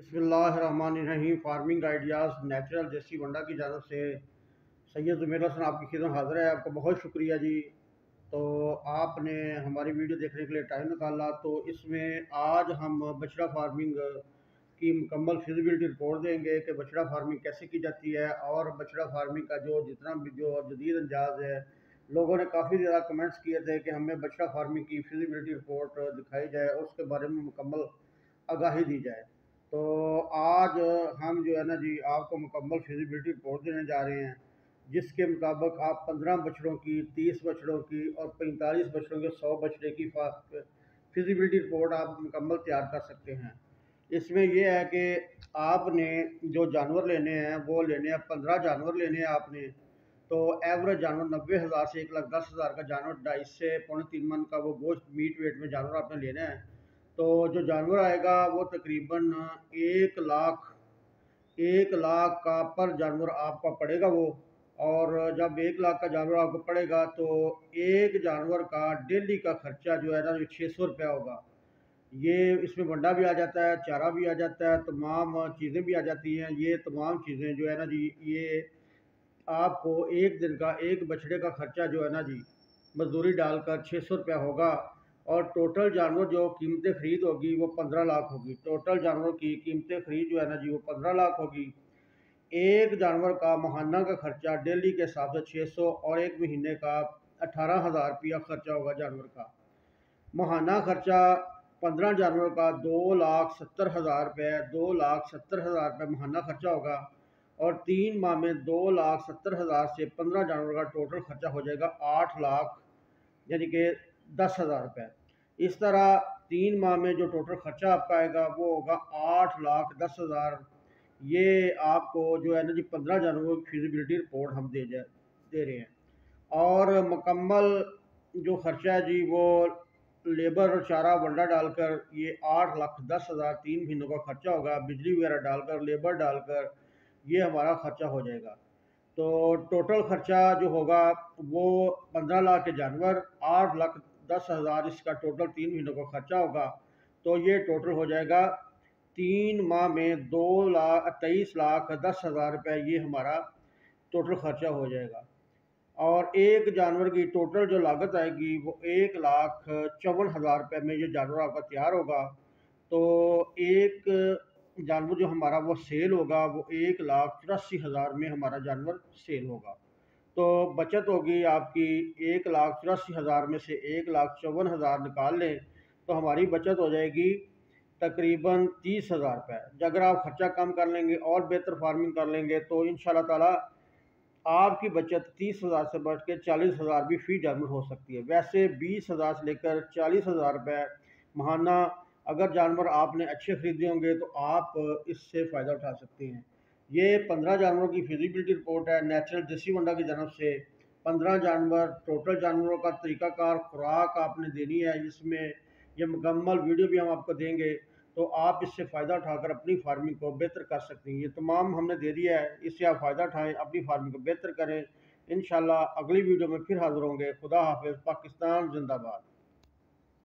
بسم اللہ الرحمن الرحیم فارمنگ آئیڈیاز نیچرل جیسی ونڈا کی جانب سے سید زمیر حسن آپ کی خدمت حاضر ہے آپ کا بہت شکریہ جی تو آپ نے ہماری ویڈیو دیکھنے کے لیے ٹائم نکالا تو اس میں آج ہم بچڑا فارمنگ کی مکمل فیزیبلٹی رپورٹ دیں گے کہ بچڑا فارمنگ کیسے کی جاتی ہے اور بچڑا فارمنگ کا جو جتنا بھی جو جدید انداز ہے لوگوں نے کافی زیادہ کمنٹس کیے تھے کہ ہمیں بچڑا فارمنگ کی فیزیبلٹی رپورٹ دکھائی جائے اور اس کے بارے میں مکمل آگاہی دی جائے تو آج ہم جو ہے نا جی آپ کو مکمل فیزیبلٹی رپورٹ دینے جا رہے ہیں جس کے مطابق آپ پندرہ بچڑوں کی تیس بچڑوں کی اور پینتالیس بچڑوں کے سو بچڑے کی فیزیبلٹی رپورٹ آپ مکمل تیار کر سکتے ہیں اس میں یہ ہے کہ آپ نے جو جانور لینے ہیں وہ لینے ہیں پندرہ جانور لینے ہیں آپ نے تو ایوریج جانور نوے ہزار سے ایک لاکھ دس ہزار کا جانور ڈائس سے پونے تین من کا وہ گوشت میٹ ویٹ میں جانور آپ نے لینا ہے تو جو جانور آئے گا وہ تقریباً ایک لاکھ ایک لاکھ کا پر جانور آپ کا پڑے گا وہ اور جب ایک لاکھ کا جانور آپ کو پڑے گا تو ایک جانور کا ڈیلی کا خرچہ جو ہے نا چھ سو روپیہ ہوگا یہ اس میں بنڈا بھی آ جاتا ہے چارہ بھی آ جاتا ہے تمام چیزیں بھی آ جاتی ہیں یہ تمام چیزیں جو ہے نا جی یہ آپ کو ایک دن کا ایک بچڑے کا خرچہ جو ہے نا جی مزدوری ڈال کر چھ سو روپیہ ہوگا اور ٹوٹل جانور جو قیمتیں خرید ہوگی وہ پندرہ لاکھ ہوگی ٹوٹل جانور کی قیمتیں خرید جو ہے نا جی وہ پندرہ لاکھ ہوگی ایک جانور کا ماہانہ کا خرچہ ڈیلی کے حساب سے چھ سو اور ایک مہینے کا اٹھارہ ہزار روپیہ خرچہ ہوگا جانور کا ماہانہ خرچہ پندرہ جانور کا دو لاکھ ستر ہزار روپے دو لاکھ ستر ہزار روپے ماہانہ خرچہ ہوگا اور تین ماہ میں دو لاکھ ستر ہزار سے پندرہ جانور کا ٹوٹل خرچہ ہو جائے گا آٹھ لاکھ یعنی کہ دس ہزار روپے اس طرح تین ماہ میں جو ٹوٹل خرچہ آپ کا آئے گا وہ ہوگا آٹھ لاکھ دس ہزار یہ آپ کو جو ہے نا جی پندرہ جنوری کی فیزیبلٹی رپورٹ ہم دے جائے دے رہے ہیں اور مکمل جو خرچہ ہے جی وہ لیبر اور چارہ ونڈا ڈال کر یہ آٹھ لاکھ دس ہزار تین مہینوں کا خرچہ ہوگا بجلی وغیرہ ڈال کر لیبر ڈال کر یہ ہمارا خرچہ ہو جائے گا تو ٹوٹل خرچہ جو ہوگا وہ پندرہ لاکھ کے جانور آٹھ لاکھ دس ہزار اس کا ٹوٹل تین مہینوں کا خرچہ ہوگا تو یہ ٹوٹل ہو جائے گا تین ماہ میں دو لاکھ تیئیس لاکھ دس ہزار روپے یہ ہمارا ٹوٹل خرچہ ہو جائے گا اور ایک جانور کی ٹوٹل جو لاگت آئے گی وہ ایک لاکھ چون ہزار روپے میں یہ جانور آپ کا تیار ہوگا تو ایک جانور جو ہمارا وہ سیل ہوگا وہ ایک لاکھ چوراسی ہزار میں ہمارا جانور سیل ہوگا تو بچت ہوگی آپ کی ایک لاکھ چوراسی ہزار میں سے ایک لاکھ چون ہزار نکال لیں تو ہماری بچت ہو جائے گی تقریباً تیس ہزار روپے اگر آپ خرچہ کم کر لیں گے اور بہتر فارمنگ کر لیں گے تو ان شاء اللہ تعالیٰ آپ کی بچت تیس ہزار سے بڑھ کے چالیس ہزار بھی فی جانور ہو سکتی ہے ویسے بیس ہزار سے لے کر چالیس ہزار روپے ماہانہ اگر جانور آپ نے اچھے خریدے ہوں گے تو آپ اس سے فائدہ اٹھا سکتے ہیں یہ پندرہ جانوروں کی فیزیبلٹی رپورٹ ہے نیچرل دیسی ونڈا کی جانب سے پندرہ جانور ٹوٹل جانوروں کا طریقہ کار خوراک آپ نے دینی ہے اس میں یہ مکمل ویڈیو بھی ہم آپ کو دیں گے تو آپ اس سے فائدہ اٹھا کر اپنی فارمنگ کو بہتر کر سکتے ہیں یہ تمام ہم نے دے دیا ہے اس سے آپ فائدہ اٹھائیں اپنی فارمنگ کو بہتر کریں انشاءاللہ اگلی ویڈیو میں پھر حاضر ہوں گے خدا حافظ پاکستان زندہ باد